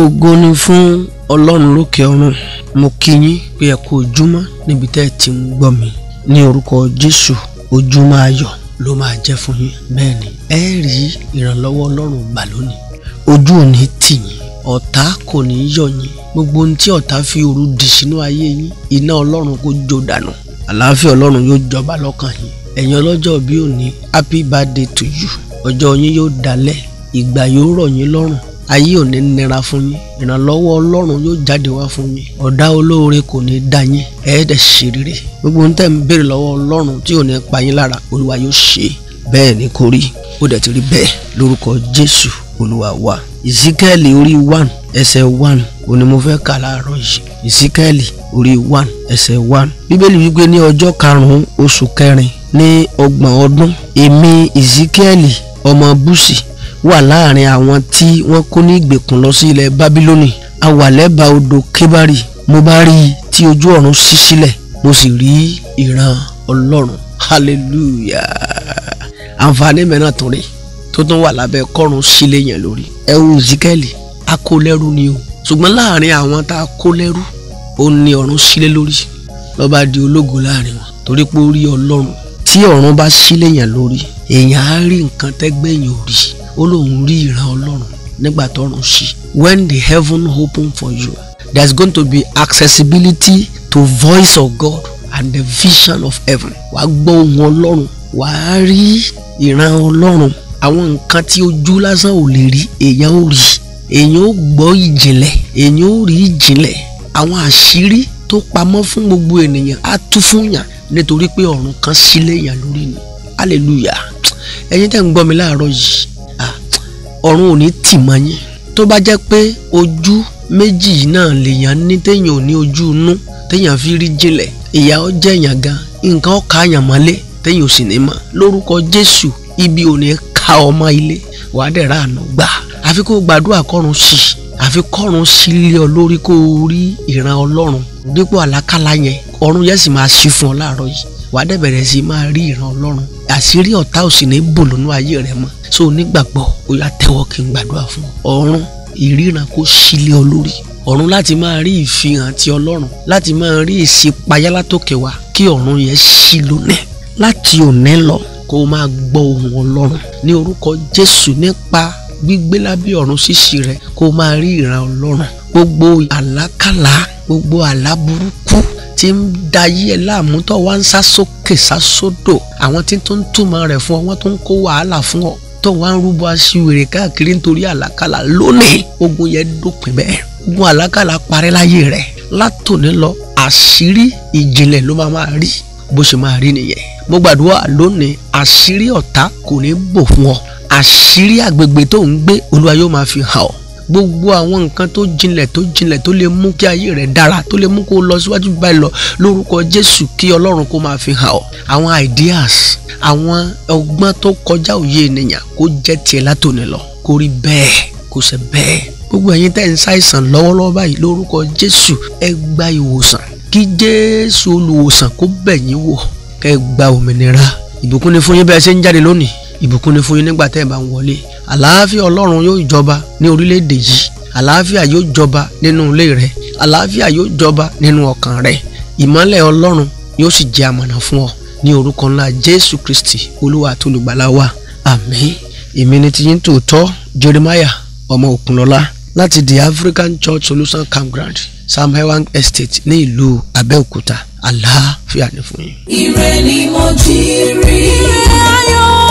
ògo ni fún ọlọ́run lókè ọ̀run mo kí yín pé ẹ kú ojúmọ́ níbi tẹ́ ẹ ti ń gbọ́ mi ní orúkọ jésù ojúmọ́ ayọ̀ ló máa jẹ́ fún yín bẹ́ẹ̀ ni ẹ rí ìrànlọ́wọ́ ọlọ́run gbà lónìí ojú ò ní tì yín ọ̀tá kò ní yọ̀ yín gbogbo ohun tí ọ̀tá fi òru dì sínú ayé yín iná ọlọ́run kò jó dànù àlàáfíà ọlọ́run yóò jọba lọ́kàn yín ẹ̀yin ọlọ́jọ́ bí òní happy birthday to you ọjọ́ yín yóò dalẹ̀ ìgbà yóò rọ̀ yín lọ́rùn ayé ò ní nira fún yín ìrànlọ́wọ́ ọlọ́run yóò jáde wá fún yín ọ̀dá olóore kò ní dá yín ẹ̀ẹ́dẹ̀ ṣèrìrì gbogbo ohun tẹ́ ń béèrè lọ́wọ́ ọlọ́run tí ò ní pa yín lára olúwa yóò ṣe bẹ́ẹ̀ ni kò rí ó dẹ̀ ti rí bẹ́ẹ̀ lórúkọ jésù olúwa wa ìsíkẹ́ẹ̀lì orí one ẹsẹ̀ one òní mo fẹ́ kà láàárọ̀ yìí ìsíkẹ́ẹ̀lì orí one ẹsẹ̀ one bíbélì wípé ní ọjọ́ karùn-ún oṣù kẹrin ní ọgbọ̀n ọdún èmi ìsíkẹ́ẹ̀lì ọmọ búsì wà láàrin àwọn tí wọ́n kó ní ìgbèkùn lọ sí ilẹ̀ Bábílónì a wà lẹ́bàá odò Kébárì mo bá rí i tí ojú ọ̀run ṣí sílẹ̀ mo sì rí ìran Ọlọ́run hallelujah àǹfààní mìíràn tó rí tó tún wà lábẹ́ kọ́run sílẹ̀ yẹn lórí ẹ wo Ezekiel a ni o ṣùgbọ́n láàrin àwọn tá a kó lẹ́rú ó ní ọ̀run sílẹ̀ lórí ló bá di ológo láàrin wọn torí pé ó rí Ọlọ́run tí ọ̀run bá sílẹ̀ yẹn lórí èèyàn á rí nǹkan tẹ́gbẹ́ yẹn ò rí ó lóun rí ìran ọlọ́run nígbà tọ́run ṣí when the heaven open for you there is going to be accessibility to voice of God and the vision of heaven wàá gbọ́ ohun ọlọ́run wàá rí ìran ọlọ́run àwọn nǹkan tí ojú lásán ò lè rí èèyàn ò rí èèyàn ò gbọ́ ìjìnlẹ̀ èèyàn ò rí ìjìnlẹ̀ àwọn àṣírí tó pamọ́ fún gbogbo ènìyàn á tú fún yàn nítorí pé ọ̀run kan sílẹ̀ yàn lórí ni hallelujah ẹ̀yin tẹ́ ń gbọ́ mi láàárọ̀ yìí ọ̀run ò ní tì mọ́ yín tó bá jẹ́ pé ojú méjì náà lèèyàn ní téèyàn ò ní ojú inú téèyàn fi rí jinlẹ̀ ìyà ó jẹ èèyàn gan nǹkan ó ka mọ́lé téèyàn ò sì ní mọ̀ lórúkọ Jésù ibi ò ní ka ọmọ ilé wàá dẹ̀ rà àná gbà àfi kó gbàdúrà kọ́run sí i àfi kọ́run sí ilé ọ lórí kó o rí ìran Ọlọ́run dípò àlákàlà yẹn ọ̀run yẹn sì máa ṣí fún ọ láàárọ̀ yìí wàá dẹ̀ bẹ̀rẹ̀ sí máa rí ìran ọlọ́run àṣírí ọ̀tá òsì ní bò lónú ayé rẹ mọ́ so nígbàgbọ́ ó yá tẹ́wọ́ kí n gbàdúrà fún ọ ọ̀run ìríran kó sílé ọ lórí ọ̀run láti máa rí ìfihàn ti ọlọ́run láti máa rí ìṣípayá látòkè wá kí ọ̀run yẹn ṣí lónìí láti òní lọ kó o máa gbọ́ ohùn ọlọ́run ní orúkọ jésù nípa gbígbé lábẹ́ ọ̀run ṣíṣí rẹ kó o máa rí ìran ọlọ́run gbogbo àlákàlà gbogbo àlá tí ń dayé ẹ láàmú tó wá ń sá sókè sá sódò àwọn tí tó ń túmọ̀ rẹ̀ fún ọ wọ́n tó ń kó wàhálà fún ọ tó wá ń rúbọ aṣiwèrè káàkiri nítorí àlákàlà lónìí ogun yẹn dópin bẹ́ẹ̀ ogun àlákàlà parẹ́ láyé rẹ̀ látòní lọ àṣírí ìjìnlẹ̀ ló máa máa rí bó ṣe máa rí nìyẹn mo gbàdúrà lónìí àṣírí ọ̀tá kò ní bò fún ọ àṣírí àgbègbè tó ń gbé olúwa yóò máa fi hàn ọ́ gbogbo àwọn nǹkan tó jinlẹ̀ tó jinlẹ̀ tó lè mú kí ayé rẹ̀ dára tó lè mú kó lọ síwájú báyìí lọ lórúkọ Jésù kí Ọlọ́run kó máa fi hàn ọ́ àwọn ideas àwọn ọgbọ́n tó kọjá òye ènìyàn kó jẹ́ tiẹ̀ látòní lọ kó rí bẹ́ẹ̀ kó ṣe bẹ́ẹ̀ gbogbo ẹ̀yin tẹ́ ń ṣàìsàn lọ́wọ́lọ́wọ́ báyìí lórúkọ Jésù ẹ gba ìwòsàn kí Jésù olùwòsàn kó bẹ̀ wò kẹ́ gba òmìnira ìbùkún ni fún yín bẹ́ẹ̀ ṣe ń jáde lónìí ìbùkún ni fún yín nígbà tẹ́ ẹ̀ bá ń wọlé àlàáfíà ọlọ́run yóò jọba ní orílẹ̀-èdè yìí àlàáfíà yóò jọba nínú ilé rẹ àlàáfíà yóò jọba nínú ọkàn rẹ ìmọ́lẹ̀ ọlọ́run yóò sì jẹ́ àmọ̀nà fún ọ ní orúkọ ńlá jésù kristi olúwa àti olùgbàlà wa àmín èmi ni ti yín tòótọ́ jeremiah ọmọ òkunlọ́lá láti the african church solution campground sam ewang estate ní ìlú abẹ́òkúta àlàáfíà ni fún yín. ire ni mo jí rí ayọ̀.